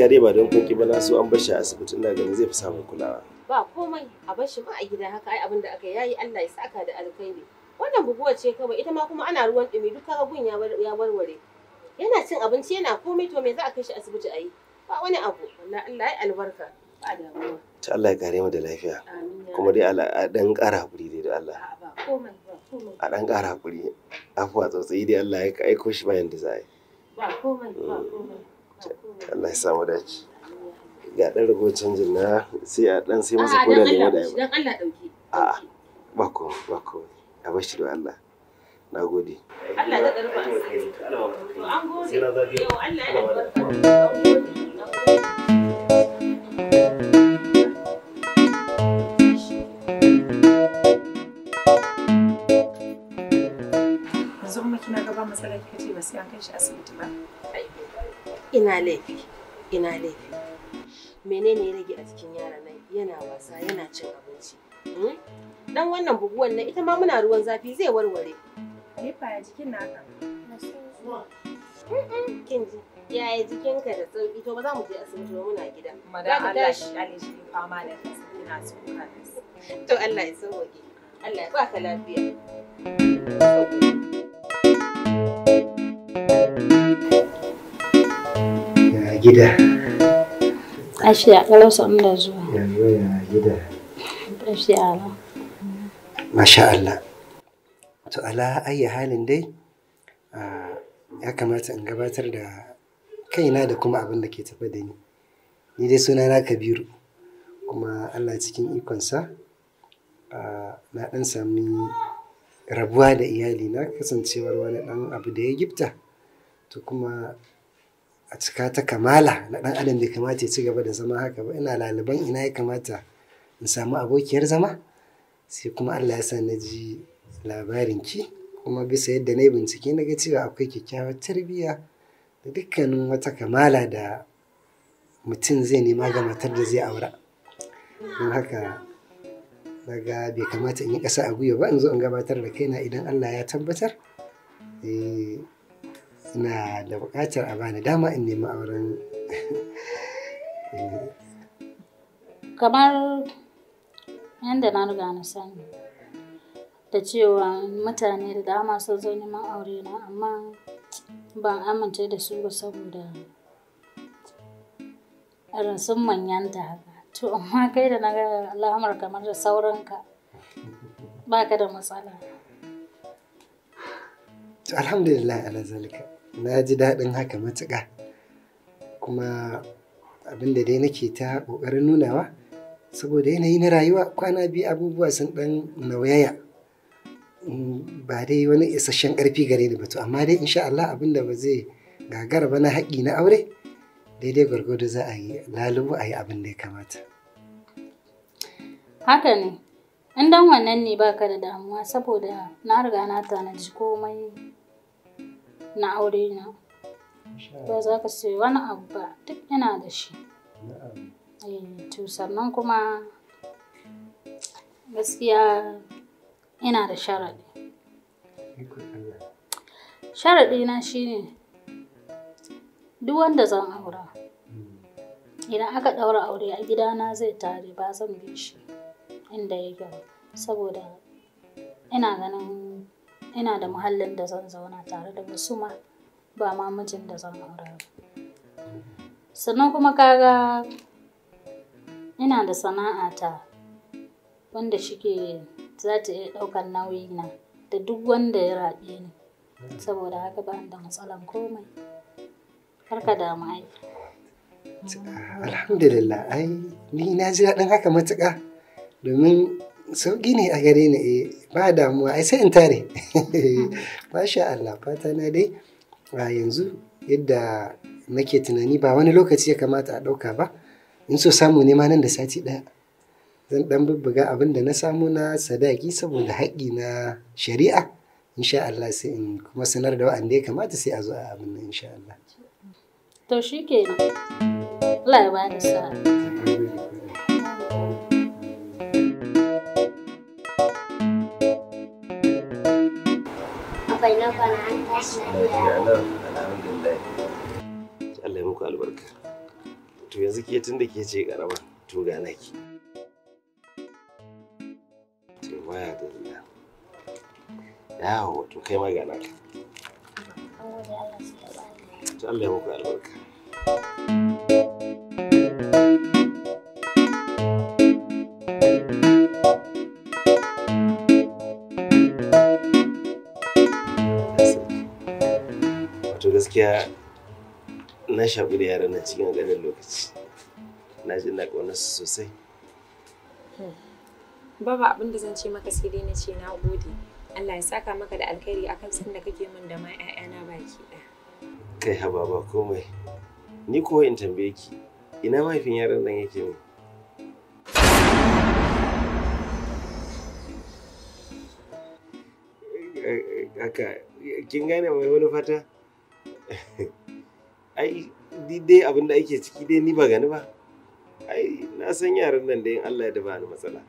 gaskiya dai ba don koki ba na so an bar shi a asibiti ina ganin zai fi samun kulawa ba komai a bar shi ba a gida haka ai abin da aka yayi Allah ya saka da alkhairi wannan buguwa ce kawai ita ma kuma ana ruwan dumi duk kaga gun ya warware yana cin abinci yana komai to me za a kai shi asibiti a yi ba wani abu wallahi Allah ya albarka ba damuwa ta Allah ya kare mu da lafiya kuma dai a dan ƙara hakuri dai da Allah a dan ƙara hakuri afuwa tsotsi dai Allah ya aiko shi bayan da za yi ba komai ba mm. komai Allah ya sa mu dace ga dan rago canjin na sai a dan sai masa koda lemo da yawa. dan Allah dauke a ba ko ba ko a bashi da Allah na gode Allah ya darba to an gode yau Allah ya albarka zo miki na gaba matsalar kace ba sai an kai shi asibiti ba ina laifi ina laifi menene ya rage a cikin yaran nan yana wasa yana cin abinci dan hmm? wannan buguwan nan ita ma muna ruwan zafi zai warware me fa jikin naka kin ji yaya jikinka da sauki to ba za mu je asibiti ba muna gida madan Allah shi ne shi fama da ina so ka to Allah ya sauke Allah ya baka lafiya gida. Lafiya ƙalau zuwa. Yanzu ya gida. Masha Allah. To ala ayya halin dai ya kamata in gabatar da kaina da kuma abin da ke tafa da ni. Ni dai sunana Kabiru kuma Allah cikin ikonsa na ɗan sami rabuwa da iyalina kasancewar wani ɗan abu da ya gifta. To kuma a cika ta kamala na ɗan adam bai kamata ya ci gaba da zama haka ba ina laliban ina ya kamata in samu abokiyar zama sai kuma Allah ya sa na ji labarin ki kuma bisa yadda na yi bincike na ga cewa akwai kyakkyawar tarbiyya da dukkanin wata kamala da mutum zai nema ga matar da zai aura don haka daga bai kamata in yi ƙasa a gwiwa ba in zo in gabatar da kaina idan Allah ya tabbatar eh, suna da buƙatar a bani dama in nemi auren kamar yadda na riga na sani da cewa mutane da dama sun zo neman aure na amma ban amince da su ba saboda irin sun ta haka to amma kai da na ga al'amar kamar da sauranka ba ka da matsala alhamdulillah ala zalika na ji daɗin haka matuƙa kuma abin da dai nake ta ƙoƙarin nunawa saboda yanayi na rayuwa kwana biyu abubuwa sun ɗan nauyaya ba dai wani isasshen ƙarfi gare ni to amma dai insha Allah abin da ba zai gagara ba na haƙƙi na aure daidai gwargwado za a yi lalubu a yi abin da ya kamata. Haka ne, in dan wannan ne baka da damuwa saboda na riga na tanaji komai na aure na ba za ka sayi wani abu ba duk ina da shi eh, to sannan kuma gaskiya ina da sharaɗi sharaɗi na shine duk wanda zan aura hmm. idan aka ɗaura aure a gida na zai tare ba zan bi shi inda yake gaba saboda ina ganin ina da muhallin da zan zauna tare da wasu ma ba ma mijin da zan aura sannan kuma kaga ina da sana'a ta wanda shike za ta iya ɗaukar nauyi na da duk wanda ya raɓe ni saboda haka ba da matsalan komai karka damu ai alhamdulillah ai ni na ji daɗin haka matuƙa domin sauƙi ne a gare ni eh ba damuwa ai sai in tare hmm. masha Allah fata na dai a yanzu yadda nake tunani ba wani lokaci ya kamata a ɗauka ba in so samu nema nan da sati ɗaya zan ɗan bubbuga abin da na samu na sadaki saboda haƙƙi na shari'a insha Allah sai in kuma sanar da wa'anda ya kamata sai a zo a abin nan insha Allah to shikenan Allah ya bani sa'a Lafiya nan alhamdulillah. Allah ya muku albarka. To yanzu ke tun da ke ce karama to ga naki. To waya da Allah. Yawo to kai ma ga naka. To Allah ya muku albarka. gaskiya na shaƙu da yaran nan cikin ƙanan lokaci na ji na su sosai baba abin da zan ce maka sai dai na ce na gode Allah ya saka maka da alkhairi akan san da kake min da ma ƴaƴana baki ɗaya kai haba ba komai ni ko in tambaye ki ina mahaifin yaran nan yake ne haka kin gane mai wani fata ai dai abin da ake ciki dai ni ba gani ba ai na san yaran nan da yin Allah ya da ba matsala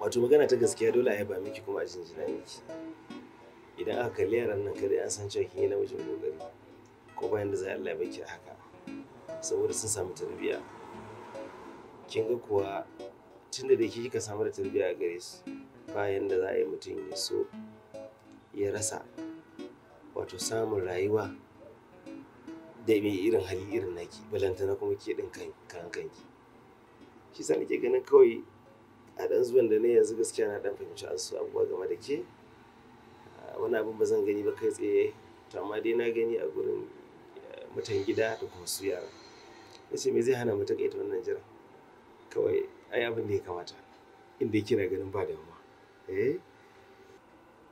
wato magana ta gaskiya dole a ba miki kuma a jinjina miki idan aka kalli yaran nan kada an san cewa kin yi namijin gogari ko bayan da za Allah ya baki haka saboda sun samu tarbiyya kin ga kuwa tunda da kike kika samu da tarbiyya a gare su bayan da za a yi mutum ya ya rasa wato samun rayuwa da mai irin hali irin naki balantana kuma ke ɗin kan kanki shi sa nake ganin kawai a ɗan zuwan da ne yanzu gaskiya na ɗan fahimci an su abubuwa game da ke wani abin ba zan gani ba kai tsaye to amma dai na gani a gurin eh, mutan gida da kuma su yara ce me zai hana mu takaita wannan jira kawai ai abin da ya kamata inda kina ganin ba damuwa eh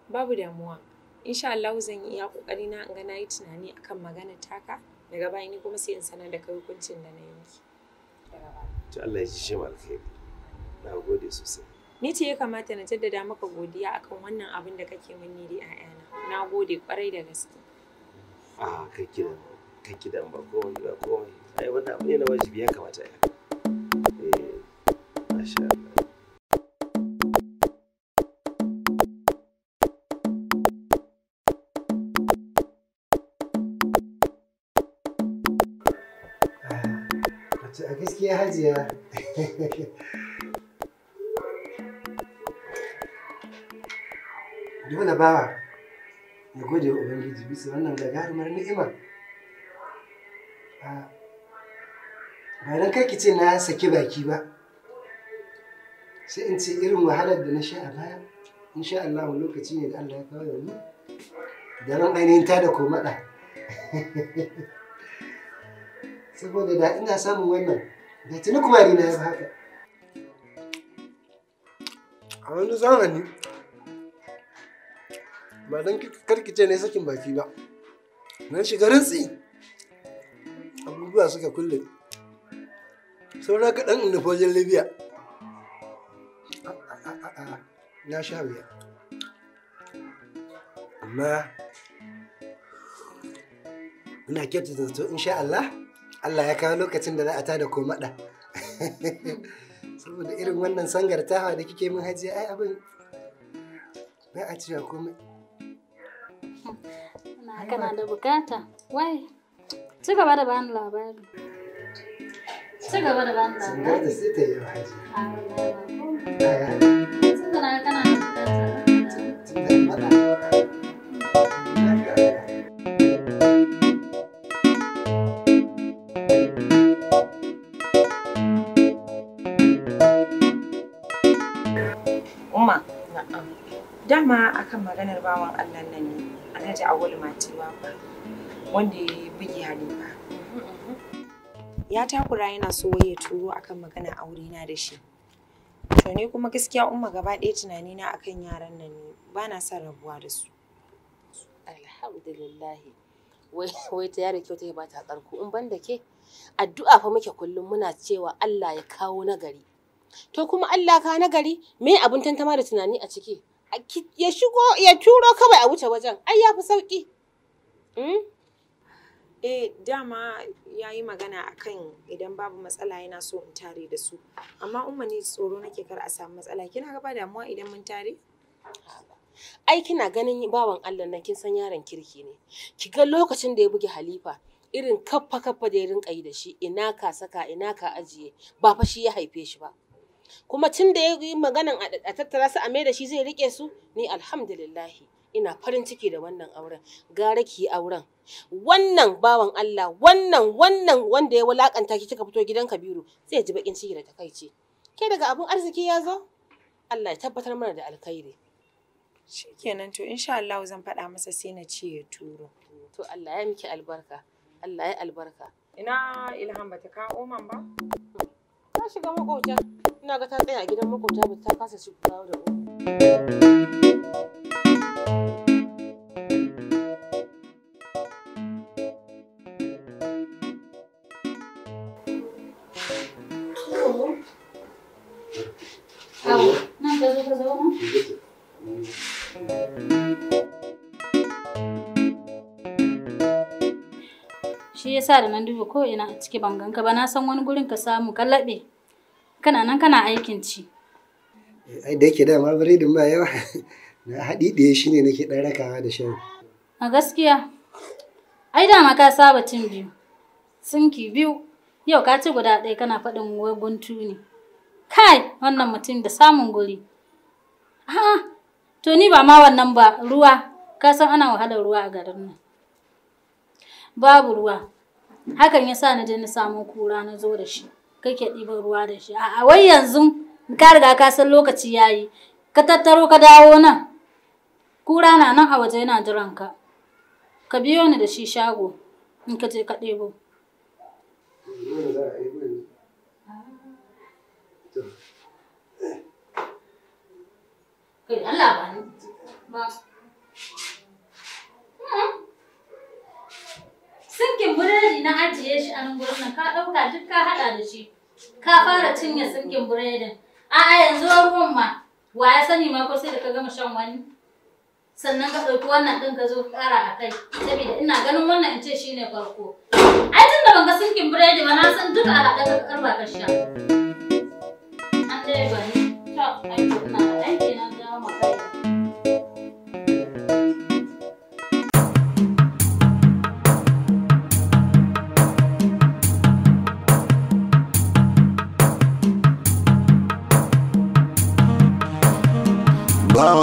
babu damuwa insha Allah zan yi iya kokari na ga na yi tunani akan magana taka daga bayan ni kuma sai in sanar da kai hukuncin da na yanki to Allah ya ji shi alkhairi na gode sosai ni ce ya kamata na jaddada maka godiya akan wannan abin da kake min da ayyana na gode kwarai da gaske a kai kidan kai kidan ba komai ba komai ai wannan abin ne na wajibi ya kamata ya eh masha Allah ke hajiya dole bawa ya gode wa ubangiji bisa wannan gagarumar ni'ima ah, ba don kai ki ce na saki baki ba sai in ce irin wahalar da na sha a baya sha Allah lokaci ne da Allah ya kawo yanzu da ran ainihin ta da komaɗa saboda da ina samun wannan da tuni kuma na ya haka a wani zamani ba don karkice ne sakin baki ba na shiga rantsi abubuwa suka kulle sau na kaɗan inda fojin libya na sha biyar. amma ina kyautata zato insha Allah Allah ya kawo lokacin da za a tada ko maɗa saboda irin wannan sangar sangartawa da kike min hajiya ai abin ba a cewa komai na da bukata wai ci gaba da bani labari ci gaba da bani labari sai ta yi hajiya bawan Allah nan ne Alhaji Awolu Matiwa ba wanda ya buge Halifa. Ya takura yana so ya turo akan magana aure na da shi. To ne kuma gaskiya umma gaba ɗaya tunani na akan yaran nan ne ba na son rabuwa da su. Alhamdulillah. Wai wai ta yare kyau ta ba ta tsarku in ban da ke addu'a fa muke kullum muna cewa Allah ya kawo nagari. To kuma Allah ka nagari me abun tantama da tunani a ciki? ya shigo ya turo kawai a wuce wajen ai ya fi sauki hmm? eh dama ya yi magana a kan idan babu matsala yana so in tare da su amma umma tsoro nake kar a samu matsala kina ga damuwa idan mun tare ai kina ganin bawan Allah nan kin san yaron kirki ne ki ga lokacin da ya buge Halifa irin kaffa kaffa da ya rinka yi da shi ina ka saka ina ka ajiye ba fa shi ya haife shi ba kuma tun da ya yi maganan a tattara su a mai da shi zai rike su ni alhamdulillahi ina farin ciki da wannan auren gara ki auren wannan bawan Allah wannan wannan wanda ya wulakanta ki kika fito gidan Kabiru zai ji bakin ciki da takaici ke daga abun arziki ya zo Allah ya tabbatar mana da alkhairi shikenan to insha Allah zan faɗa masa sai na ce ya turo to Allah ya miki albarka Allah ya albarka ina ilham bata kawo man ba ta shiga maƙota ina ga ta tsaya a gidan makwabta ba ta kasa shigo da uku shi yasa da nan duba ko ina a ciki ban ganka ba na san wani gurin ka samu ka laɓe kana nan kana aikin ci eh, ai da yake dama biredin ba yawa na haɗi ɗaya shi ne nake ɗan rakawa da shan a gaskiya ai dama ka saba cin biyu sinki biyu yau ka ci guda ɗaya kana faɗin wai guntu ne kai wannan mutum da samun guri a'a to ni ba ma wannan ba ruwa ka san ana wahalar ruwa a garin nan babu ruwa hakan ya sa na je na samu kura na zo da shi kake ɗiban ruwa da shi a'a wai yanzu ka riga ka san lokaci ya yi. ka tattaro ka dawo nan kura na nan a waje yana jiran ka ka biyo ni da shi shago in ka je ka ɗebo hmm. Sinkin burodi na ajiye shi a nan gurin ka ɗauka duk ka haɗa da shi. ka fara cinye sirkin biredin a'a yanzu ruwan ma wa ya sani ma ko sai da ka gama shan wani sannan ka ɗauki wannan ɗin ka zo ƙara a kai saboda ina ganin wannan in ce shine farko ai tun da ban ga sinkin biredi ba na san duk a haɗe ka karba ka sha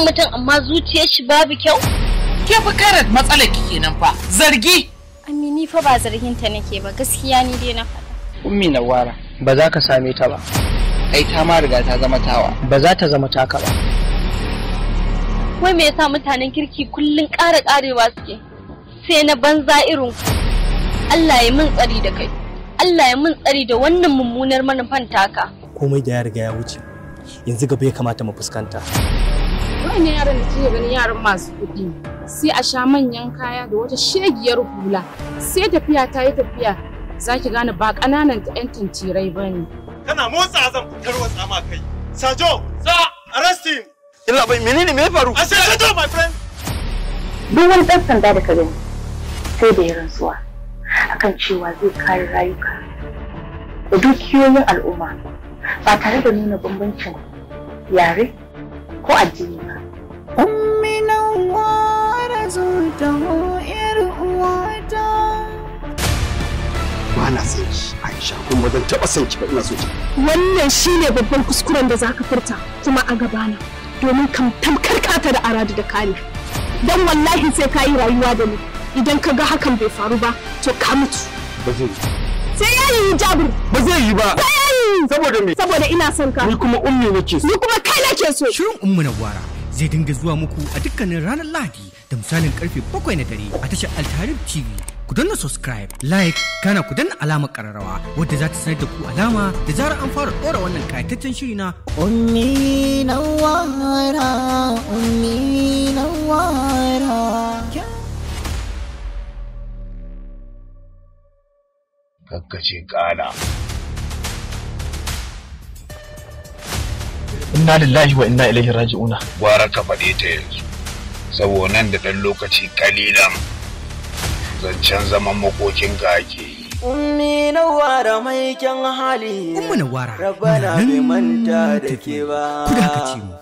son mutum amma zuciyar shi babu kyau? Ke fa karat matsalar ki kenan fa. Zargi. Amini fa ba zargin ta nake ba gaskiya ni dai na faɗa. Ummi Nawara ba za ka same ta ba. Ai ta ma riga ta zama tawa. Ba za ta zama taka ba. Wai me yasa mutanen kirki kullun ƙara ƙarewa suke? Sai na banza irin ku. Allah ya min tsari da kai. Allah ya min tsari da wannan mummunar manufan taka. Komai da ya riga ya wuce. Yanzu gaba ya kamata mu fuskanta. manyan yaran da kike ganin yaran masu kuɗi sai a sha manyan kaya da wata shegiyar hula sai tafiya ta yi tafiya za ki gane ba ƙananan ta ƴan tantirai ba ne. Kana motsa zan fitar wa tsama kai. Sajo! Za! Arrest him! Illa bai menene me faru? A sai Sajo my friend! Duk wani ɗan sanda da ka gani sai da ya rantsuwa akan cewa zai kare rayuka da dukiyoyin al'umma ba tare da nuna bambancin yare ko addini umminan wara zuta yar ba na san ki Aisha kuma zan taba san ki ba ina so ki wannan ne babban kuskuren da zaka furta kuma a gabana domin kam tamkar kata da aradu da kare Don wallahi sai ka yi rayuwa da ni idan ka ga hakan bai faru ba to ka mutu ba zai sai ya yi jabir ba zai yi ba yi saboda me saboda ina son ka ni kuma ummi nake so ni kuma kai nake so shirin ummu na gwara zai dinga zuwa muku a dukkanin ranar Lahadi da misalin karfe 7 na dare a tashar Altarib TV. Ku danna subscribe, like, kana ku danna alamar kararrawa wadda za ta sanar da ku alama da zarar an fara ɗora wannan kayataccen shiri na Ummi wara Ummi Nawara. Kakkace kala. inna lillahi wa inna ilaihi raji'una gwara ka faɗe ta yanzu saboda nan da ɗan lokaci kalilan zancen zaman makokin ga ake yi Ummi na wara mai kyan hali Ummi na wara Rabana manta da ba Kuda ka ce mu